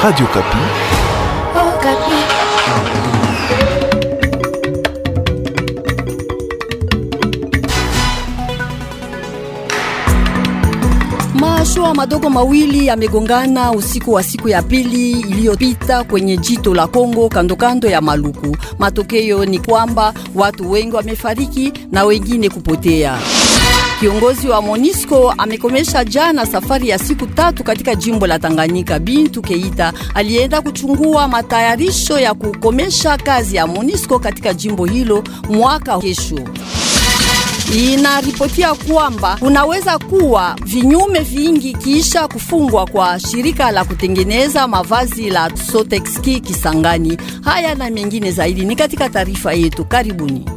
Radio Kapi. Oh, Kapi. Mashua madogo mawili yamegongana usiku wa siku ya pili iliyopita kwenye jito la Kongo kandokando ya Maluku. Matokeo ni kwamba watu wengi wamefariki na wengine kupotea. Kiongozi wa Monisco amekomesha jana safari ya siku tatu katika jimbo la Tanganyika. Bintu Keita alienda kuchungua matayarisho ya kukomesha kazi ya Monisco katika jimbo hilo mwaka kesho. Inaripotia kwamba kunaweza kuwa vinyume vingi kisha kufungwa kwa shirika la kutengeneza mavazi la Sotexki Kisangani. Haya na mengine zaidi ni katika taarifa yetu. Karibuni.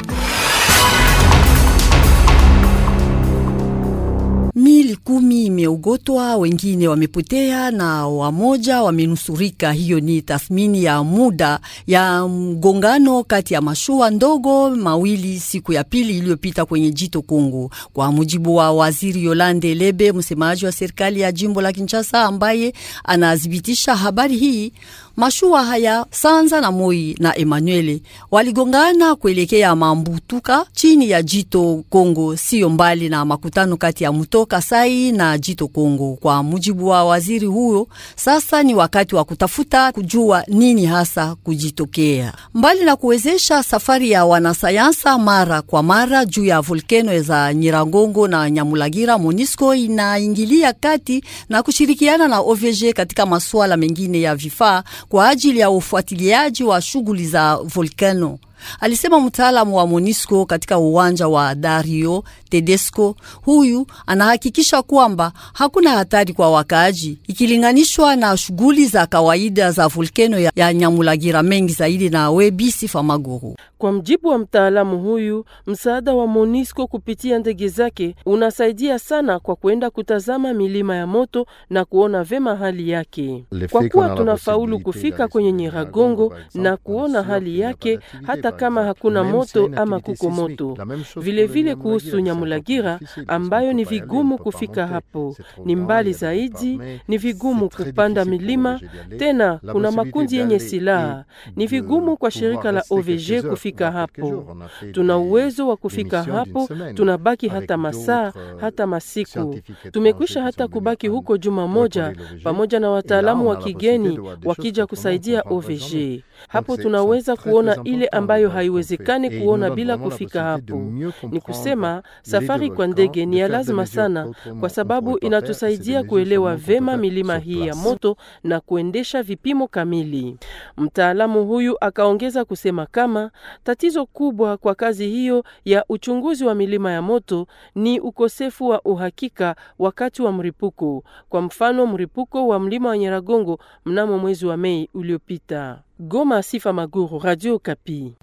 kumi imeogotwa, wengine wamepotea na wamoja wamenusurika. Hiyo ni tathmini ya muda ya mgongano kati ya mashua ndogo mawili siku ya pili iliyopita kwenye jito Kongo, kwa mujibu wa waziri Yolande Lebe, msemaji wa serikali ya jimbo la Kinshasa, ambaye anathibitisha habari hii. Mashua haya Sanza na Moi na Emmanuel waligongana kuelekea Mambutuka chini ya Jito Kongo, siyo mbali na makutano kati ya mto Kasai na Jito Kongo. Kwa mujibu wa waziri huyo, sasa ni wakati wa kutafuta kujua nini hasa kujitokea, mbali na kuwezesha safari ya wanasayansa mara kwa mara juu ya volkeno za Nyirangongo na Nyamulagira. Monisco inaingilia kati na kushirikiana na OVG katika masuala mengine ya vifaa kwa ajili ya ufuatiliaji wa shughuli za volkano alisema mtaalamu wa Monisco katika uwanja wa Dario Tedesco. Huyu anahakikisha kwamba hakuna hatari kwa wakaaji ikilinganishwa na shughuli za kawaida za volkeno ya, ya Nyamulagira mengi zaidi na Webisi Famaguru. Kwa mjibu wa mtaalamu huyu, msaada wa Monisco kupitia ndege zake unasaidia sana kwa kwenda kutazama milima ya moto na kuona vema hali yake, kwa kuwa tunafaulu kufika kwenye Nyiragongo na kuona hali yake hata kama hakuna moto ama kuko moto. Vilevile kuhusu Nyamulagira ambayo ni vigumu kufika hapo, ni mbali zaidi, ni vigumu kupanda milima tena, kuna makundi yenye silaha, ni vigumu kwa shirika la OVG kufika hapo. Tuna uwezo wa kufika hapo, tunabaki hata masaa euh, hata masiku. Tumekwisha hata kubaki huko juma moja pamoja na wataalamu wa kigeni wakija kusaidia OVG. Hapo tunaweza kuona ile ambayo ambayo haiwezekani kuona bila kufika hapo. Ni kusema safari kwa ndege ni ya lazima sana, kwa sababu inatusaidia kuelewa vema milima hii ya moto na kuendesha vipimo kamili. Mtaalamu huyu akaongeza kusema kama tatizo kubwa kwa kazi hiyo ya uchunguzi wa milima ya moto ni ukosefu wa uhakika wakati wa mripuko. Kwa mfano, mripuko wa mlima wa Nyiragongo mnamo mwezi wa Mei uliopita. Goma, Sifa Maguru, Radio Kapi.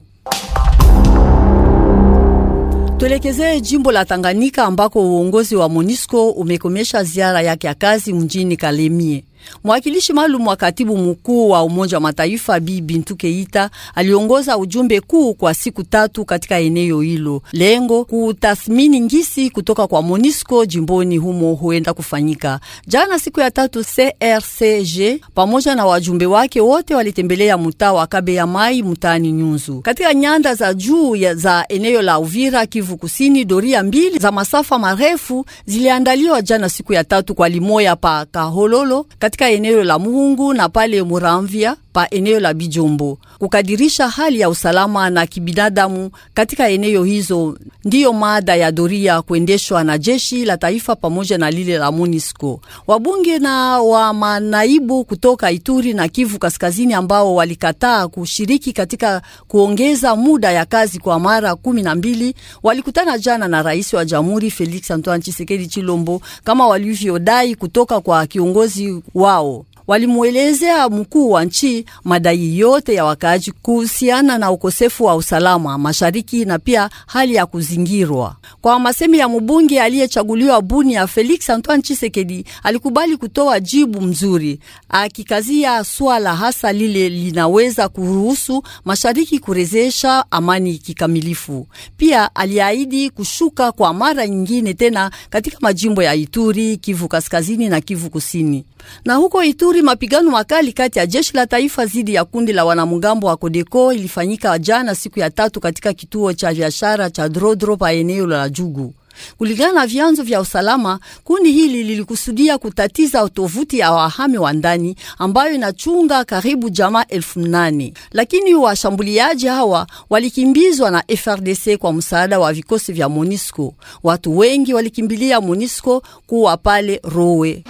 Tuelekezee jimbo la Tanganyika ambako uongozi wa MONUSCO umekomesha ziara yake ya kazi mjini Kalemie. Mwakilishi maalum wa katibu mkuu wa Umoja wa Mataifa Bi Bintu Keita aliongoza ujumbe kuu kwa siku tatu katika eneo hilo, lengo kutathmini ngisi kutoka kwa MONUSCO jimboni humo huenda kufanyika. Jana siku ya tatu, CRCG pamoja na wajumbe wake wote walitembelea mtaa wa Kabe ya Mai mtaani Nyunzu katika nyanda za juu za eneo la Uvira, Kivu Kusini. Doria mbili za masafa marefu ziliandaliwa jana siku ya tatu kwa limoya pa Kahololo katika eneo la Muhungu na pale Muramvya pa eneo la Bijombo kukadirisha hali ya usalama na kibinadamu katika eneo hizo. Ndiyo maada ya doria kuendeshwa na jeshi la taifa pamoja na lile la MONUSCO. Wabunge na wa manaibu kutoka Ituri na Kivu Kaskazini ambao walikataa kushiriki katika kuongeza muda ya kazi kwa mara kumi na mbili walikutana jana na rais wa jamhuri Felix Antoine chisekedi Chilombo kama walivyodai kutoka kwa kiongozi wao walimwelezea mkuu wa nchi madai yote ya wakaaji kuhusiana na ukosefu wa usalama mashariki na pia hali ya kuzingirwa. Kwa masemi ya mbunge aliyechaguliwa buni ya Felix Antoine Tshisekedi alikubali kutoa jibu mzuri, akikazia swala hasa lile linaweza kuruhusu mashariki kurejesha amani kikamilifu. Pia aliahidi kushuka kwa mara nyingine tena katika majimbo ya Ituri, Kivu Kaskazini na Kivu Kusini. Na huko Ituri Jamhuri, mapigano makali kati ya jeshi la taifa zidi ya kundi la wanamgambo wa Kodeko ilifanyika jana siku ya tatu katika kituo cha biashara cha Drodro pa eneo la Jugu. Kulingana na vyanzo vya usalama, kundi hili lilikusudia kutatiza tovuti ya wahame wa ndani ambayo inachunga karibu jamaa elfu nane, lakini washambuliaji hawa walikimbizwa na FRDC kwa msaada wa vikosi vya MONUSCO. Watu wengi walikimbilia MONUSCO kuwa pale Rowe.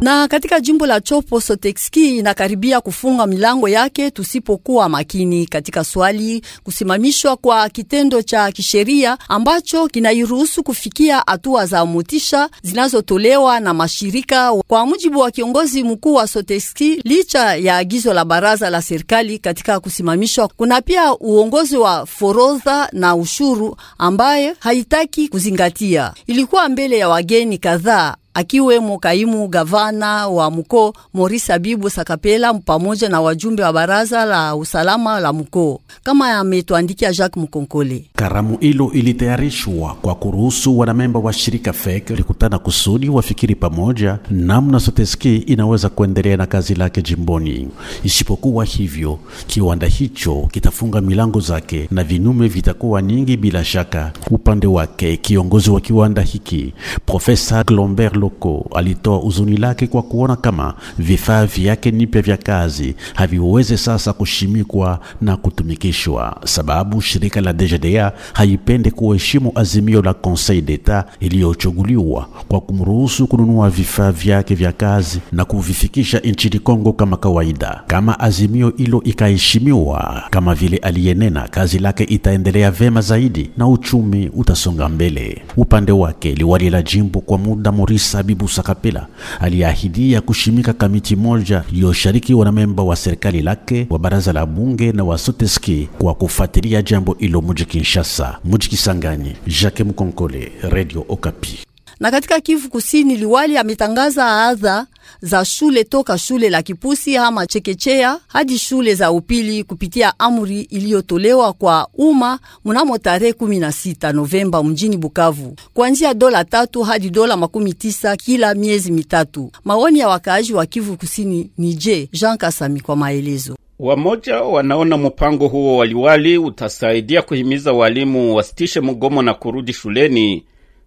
Na katika jimbo la Chopo Sotexki inakaribia kufunga milango yake tusipokuwa makini katika swali kusimamishwa kwa kitendo cha kisheria ambacho kinairuhusu kufikia hatua za motisha zinazotolewa na mashirika, kwa mujibu wa kiongozi mkuu wa Sotexki. Licha ya agizo la baraza la serikali katika kusimamishwa, kuna pia uongozi wa forodha na ushuru ambaye haitaki kuzingatia. Ilikuwa mbele ya wageni kadhaa akiwemo kaimu gavana wa mkoo Morris Abibu Sakapela pamoja na wajumbe wa baraza la usalama la mkoo, kama ametuandikia Jacques Mkonkole. Karamu hilo ilitayarishwa kwa kuruhusu wanamemba wa shirika FEC likutana kusudi wafikiri pamoja namna Soteski inaweza kuendelea na kazi lake jimboni. Isipokuwa hivyo, kiwanda hicho kitafunga milango zake na vinyume vitakuwa nyingi bila shaka. Upande wake kiongozi wa kiwanda hiki Profesa Glomber Loko alitoa huzuni lake kwa kuona kama vifaa vyake nipya vya kazi haviwezi sasa kushimikwa na kutumikishwa, sababu shirika la DGDA haipende kuheshimu azimio la Conseil d'Etat iliyochuguliwa kwa kumruhusu kununua vifaa vyake vya kazi na kuvifikisha nchini Kongo kama kawaida. Kama azimio hilo ikaheshimiwa kama vile aliyenena, kazi lake itaendelea vema zaidi na uchumi utasonga mbele. Upande wake liwali la jimbo kwa muda Maurice Sabibu Habibu Sakapela aliahidia kushimika kamiti moja iliyoshariki na memba wa serikali lake wa baraza la bunge na wa Soteski kwa kufuatilia jambo ilo muji Kinshasa. Muji Kisangani, Jacques Mkonkole, Radio Okapi. Na katika Kivu Kusini, liwali ametangaza adha za shule toka shule la Kipusi ama chekechea hadi shule za upili kupitia amri iliyotolewa kwa umma mnamo tarehe 16 Novemba mjini Bukavu, kuanzia dola tatu hadi dola makumi tisa kila miezi mitatu. Maoni ya wakaaji wa Kivu Kusini ni je? Jean Kasami kwa maelezo. Wamoja wanaona mpango huo waliwali utasaidia kuhimiza walimu wasitishe mgomo na kurudi shuleni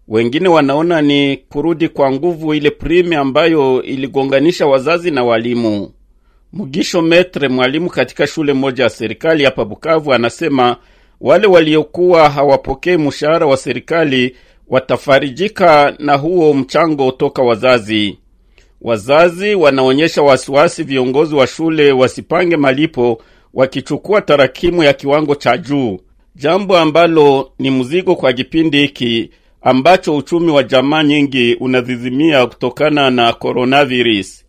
wengine wanaona ni kurudi kwa nguvu ile prime ambayo iligonganisha wazazi na walimu. Mugisho Metre, mwalimu katika shule moja ya serikali hapa Bukavu, anasema wale waliokuwa hawapokei mshahara wa serikali watafarijika na huo mchango toka wazazi. Wazazi wanaonyesha wasiwasi viongozi wa shule wasipange malipo wakichukua tarakimu ya kiwango cha juu, jambo ambalo ni mzigo kwa kipindi hiki ambacho uchumi wa jamaa nyingi unazizimia kutokana na coronavirus.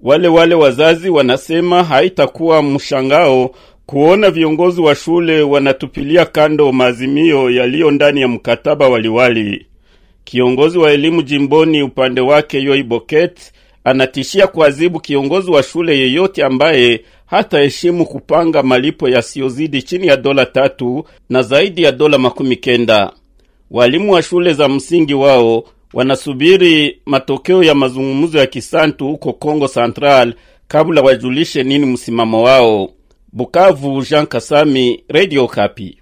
Wale wale wazazi wanasema haitakuwa mshangao kuona viongozi wa shule wanatupilia kando maazimio yaliyo ndani ya mkataba waliwali. Kiongozi wa elimu jimboni upande wake Yoi Boket anatishia kuadhibu kiongozi wa shule yeyote ambaye heshimu kupanga malipo yasiyozidi chini ya dola tatu na zaidi ya dola makumi kenda walimu wa shule za msingi wao wanasubiri matokeo ya mazungumzo ya Kisantu huko Kongo Central kabla wajulishe nini msimamo wao. Bukavu, Jean Kasami, Radio Kapi.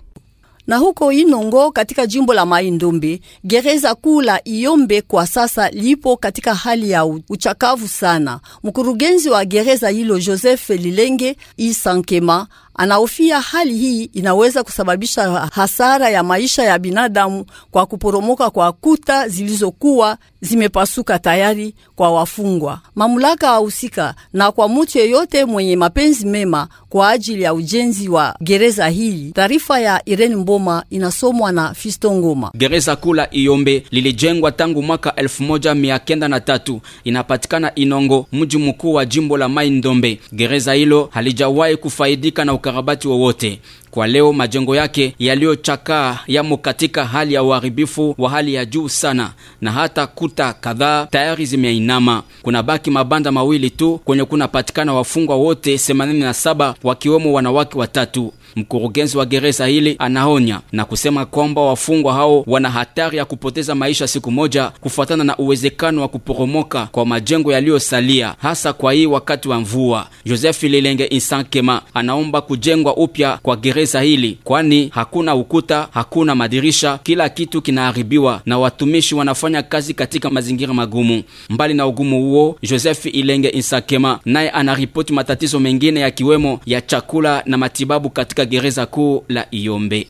Na huko Inongo katika jimbo la Mai Ndombe, gereza kuu la Iyombe kwa sasa lipo katika hali ya uchakavu sana. Mkurugenzi wa gereza hilo Joseph Lilenge Isankema Anahofia hali hii inaweza kusababisha hasara ya maisha ya binadamu kwa kuporomoka kwa kuta zilizokuwa zimepasuka tayari kwa wafungwa, mamlaka husika na kwa mtu yeyote mwenye mapenzi mema kwa ajili ya ujenzi wa gereza hili. Taarifa ya Irene Mboma inasomwa na Fisto Ngoma. Gereza kula Iyombe lilijengwa tangu mwaka 1903 inapatikana Inongo, mji mkuu wa jimbo la Mai Ndombe. Gereza hilo halijawahi kufaidika na ukarabati wowote. Kwa leo majengo yake yaliyochakaa yamo katika hali ya uharibifu wa hali ya juu sana, na hata kuta kadhaa tayari zimeinama. Kuna baki mabanda mawili tu kwenye kunapatikana wafungwa wote 87 wakiwemo wanawake watatu. Mkurugenzi wa gereza hili anaonya na kusema kwamba wafungwa hao wana hatari ya kupoteza maisha siku moja, kufuatana na uwezekano wa kuporomoka kwa majengo yaliyosalia, hasa kwa hii wakati wa mvua. Joseph Lilenge Insankema anaomba kujengwa upya kwa gereza gereza hili, kwani hakuna ukuta, hakuna madirisha, kila kitu kinaharibiwa na watumishi wanafanya kazi katika mazingira magumu. Mbali na ugumu huo, Joseph Ilenge Insakema naye anaripoti matatizo mengine yakiwemo ya chakula na matibabu katika gereza kuu la Iyombe.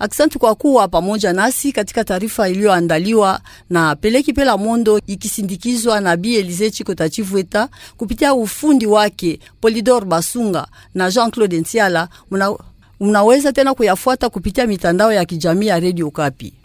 Aksanti kwa kuwa pamoja nasi katika taarifa iliyoandaliwa na Peleki Pela Mondo ikisindikizwa na Bi Elize Chiko Tachivweta kupitia ufundi wake Polidor Basunga na Jean-Claude Ntiala. Muna, unaweza tena kuyafuata kupitia mitandao ya kijamii ya Radio Kapi.